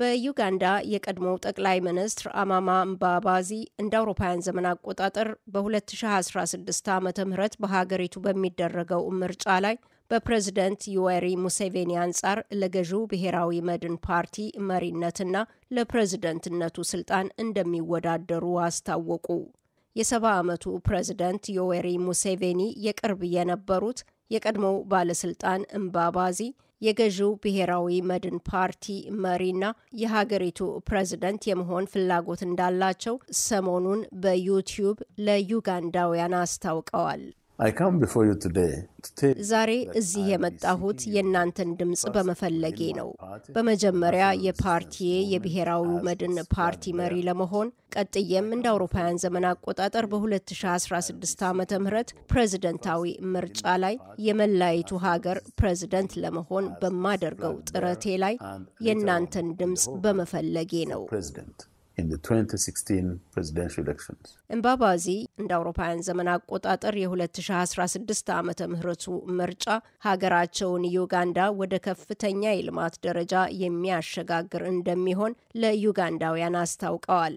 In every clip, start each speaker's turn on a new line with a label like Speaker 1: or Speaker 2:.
Speaker 1: በዩጋንዳ የቀድሞው ጠቅላይ ሚኒስትር አማማ ምባባዚ እንደ አውሮፓውያን ዘመን አቆጣጠር በ2016 ዓ ም በሀገሪቱ በሚደረገው ምርጫ ላይ በፕሬዝደንት ዩዌሪ ሙሴቬኒ አንጻር ለገዢው ብሔራዊ መድን ፓርቲ መሪነትና ለፕሬዝደንትነቱ ስልጣን እንደሚወዳደሩ አስታወቁ። የሰባ ዓመቱ ፕሬዝደንት ዮዌሪ ሙሴቬኒ የቅርብ የነበሩት የቀድሞው ባለስልጣን እምባባዚ የገዢው ብሔራዊ መድን ፓርቲ መሪና የሀገሪቱ ፕሬዝደንት የመሆን ፍላጎት እንዳላቸው ሰሞኑን በዩቲዩብ ለዩጋንዳውያን አስታውቀዋል። ዛሬ እዚህ የመጣሁት የእናንተን ድምፅ በመፈለጌ ነው። በመጀመሪያ የፓርቲዬ የብሔራዊ መድን ፓርቲ መሪ ለመሆን ቀጥዬም እንደ አውሮፓውያን ዘመን አቆጣጠር በ2016 ዓ ም ፕሬዝደንታዊ ምርጫ ላይ የመላይቱ ሀገር ፕሬዝደንት ለመሆን በማደርገው ጥረቴ ላይ የእናንተን ድምፅ በመፈለጌ ነው። እምባባዚ እንደ አውሮፓውያን ዘመን አቆጣጠር የ2016 ዓመተ ምህረቱ ምርጫ ሀገራቸውን ዩጋንዳ ወደ ከፍተኛ የልማት ደረጃ የሚያሸጋግር እንደሚሆን ለዩጋንዳውያን አስታውቀዋል።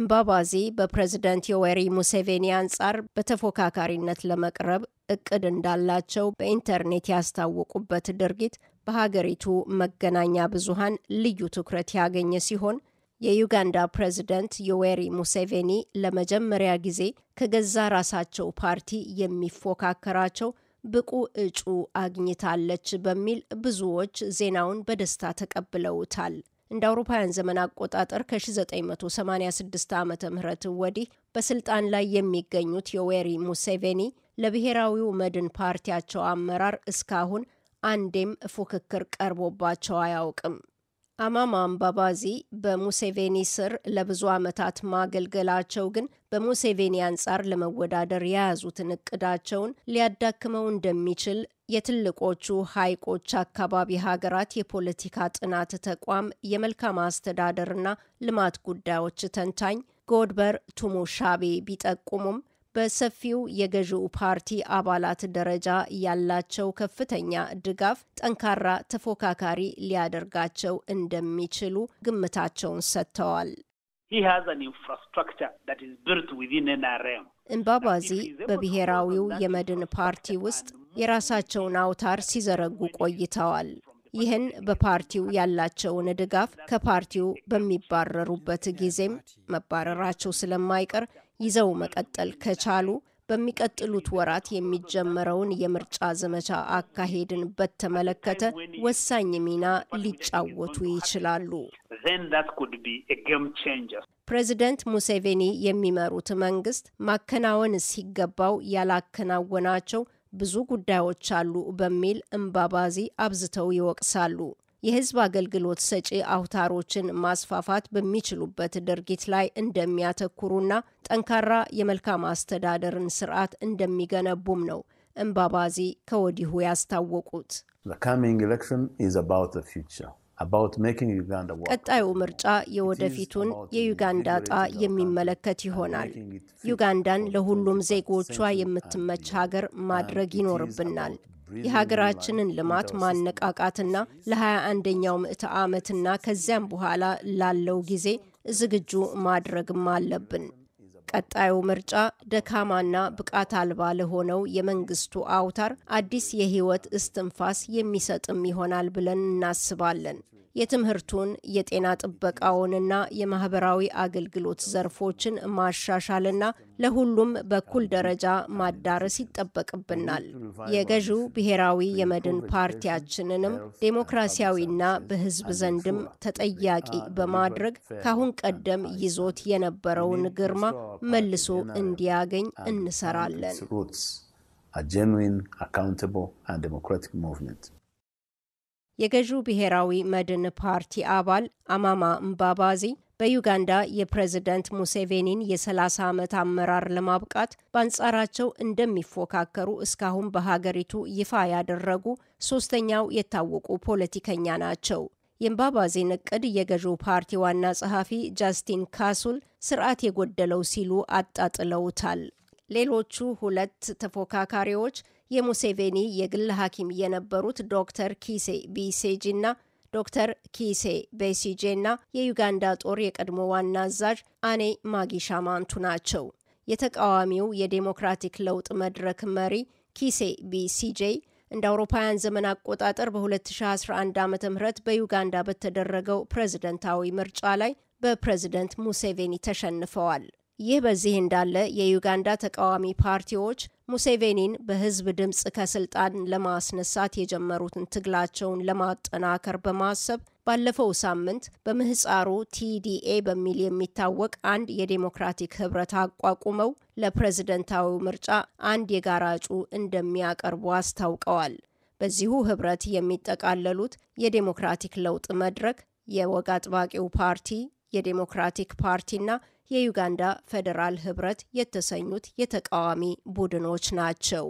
Speaker 1: እምባባዚ በፕሬዝደንት ዮዌሪ ሙሴቬኒ አንጻር በተፎካካሪነት ለመቅረብ እቅድ እንዳላቸው በኢንተርኔት ያስታወቁበት ድርጊት በሀገሪቱ መገናኛ ብዙሃን ልዩ ትኩረት ያገኘ ሲሆን የዩጋንዳ ፕሬዝደንት ዮዌሪ ሙሴቬኒ ለመጀመሪያ ጊዜ ከገዛ ራሳቸው ፓርቲ የሚፎካከራቸው ብቁ እጩ አግኝታለች በሚል ብዙዎች ዜናውን በደስታ ተቀብለውታል። እንደ አውሮፓውያን ዘመን አቆጣጠር ከ1986 ዓ ም ወዲህ በስልጣን ላይ የሚገኙት ዮዌሪ ሙሴቬኒ ለብሔራዊው መድን ፓርቲያቸው አመራር እስካሁን አንዴም ፉክክር ቀርቦባቸው አያውቅም። አማማ አምባባዚ በሙሴቬኒ ስር ለብዙ ዓመታት ማገልገላቸው ግን በሙሴቬኒ አንጻር ለመወዳደር የያዙትን እቅዳቸውን ሊያዳክመው እንደሚችል የትልቆቹ ሐይቆች አካባቢ ሀገራት የፖለቲካ ጥናት ተቋም የመልካም አስተዳደርና ልማት ጉዳዮች ተንታኝ ጎድበር ቱሙሻቤ ቢጠቁሙም በሰፊው የገዢው ፓርቲ አባላት ደረጃ ያላቸው ከፍተኛ ድጋፍ ጠንካራ ተፎካካሪ ሊያደርጋቸው እንደሚችሉ ግምታቸውን ሰጥተዋል። እምባባዚ በብሔራዊው የመድን ፓርቲ ውስጥ የራሳቸውን አውታር ሲዘረጉ ቆይተዋል። ይህን በፓርቲው ያላቸውን ድጋፍ ከፓርቲው በሚባረሩበት ጊዜም መባረራቸው ስለማይቀር ይዘው መቀጠል ከቻሉ በሚቀጥሉት ወራት የሚጀመረውን የምርጫ ዘመቻ አካሄድን በተመለከተ ወሳኝ ሚና ሊጫወቱ ይችላሉ። ፕሬዚደንት ሙሴቬኒ የሚመሩት መንግስት ማከናወን ሲገባው ያላከናወናቸው ብዙ ጉዳዮች አሉ በሚል እምባባዚ አብዝተው ይወቅሳሉ። የህዝብ አገልግሎት ሰጪ አውታሮችን ማስፋፋት በሚችሉበት ድርጊት ላይ እንደሚያተኩሩና ጠንካራ የመልካም አስተዳደርን ስርዓት እንደሚገነቡም ነው እምባባዚ ከወዲሁ ያስታወቁት። ቀጣዩ ምርጫ የወደፊቱን የዩጋንዳ ጣ የሚመለከት ይሆናል። ዩጋንዳን ለሁሉም ዜጎቿ የምትመች ሀገር ማድረግ ይኖርብናል። የሀገራችንን ልማት ማነቃቃትና ለ21ኛው ምዕተ ዓመትና ከዚያም በኋላ ላለው ጊዜ ዝግጁ ማድረግም አለብን። ቀጣዩ ምርጫ ደካማና ብቃት አልባ ለሆነው የመንግስቱ አውታር አዲስ የህይወት እስትንፋስ የሚሰጥም ይሆናል ብለን እናስባለን። የትምህርቱን የጤና ጥበቃውንና የማህበራዊ አገልግሎት ዘርፎችን ማሻሻልና ለሁሉም በኩል ደረጃ ማዳረስ ይጠበቅብናል። የገዢው ብሔራዊ የመድን ፓርቲያችንንም ዴሞክራሲያዊና በህዝብ ዘንድም ተጠያቂ በማድረግ ካሁን ቀደም ይዞት የነበረውን ግርማ መልሶ እንዲያገኝ እንሰራለን። a genuine, accountable, and democratic movement. የገዢው ብሔራዊ መድን ፓርቲ አባል አማማ እምባባዚ በዩጋንዳ የፕሬዝደንት ሙሴቬኒን የ30 ዓመት አመራር ለማብቃት በአንጻራቸው እንደሚፎካከሩ እስካሁን በሀገሪቱ ይፋ ያደረጉ ሶስተኛው የታወቁ ፖለቲከኛ ናቸው። የእምባባዚን እቅድ የገዢው ፓርቲ ዋና ጸሐፊ ጃስቲን ካሱል ስርዓት የጎደለው ሲሉ አጣጥለውታል። ሌሎቹ ሁለት ተፎካካሪዎች የሙሴቬኒ የግል ሐኪም የነበሩት ዶክተር ኪሴ ቢሴጂና ዶክተር ኪሴ ና የዩጋንዳ ጦር የቀድሞ ዋና አዛዥ አኔ ማጊሻማንቱ ናቸው። የተቃዋሚው የዴሞክራቲክ ለውጥ መድረክ መሪ ኪሴ ቢሲጄ እንደ አውሮፓውያን ዘመን አቆጣጠር በ2011 ዓ ም በዩጋንዳ በተደረገው ፕሬዝደንታዊ ምርጫ ላይ በፕሬዝደንት ሙሴቬኒ ተሸንፈዋል። ይህ በዚህ እንዳለ የዩጋንዳ ተቃዋሚ ፓርቲዎች ሙሴቬኒን በህዝብ ድምፅ ከስልጣን ለማስነሳት የጀመሩትን ትግላቸውን ለማጠናከር በማሰብ ባለፈው ሳምንት በምህፃሩ ቲዲኤ በሚል የሚታወቅ አንድ የዴሞክራቲክ ህብረት አቋቁመው ለፕሬዝደንታዊ ምርጫ አንድ የጋራ እጩ እንደሚያቀርቡ አስታውቀዋል። በዚሁ ህብረት የሚጠቃለሉት የዴሞክራቲክ ለውጥ መድረክ፣ የወግ አጥባቂው ፓርቲ የዴሞክራቲክ ፓርቲና የዩጋንዳ ፌዴራል ህብረት የተሰኙት የተቃዋሚ ቡድኖች ናቸው።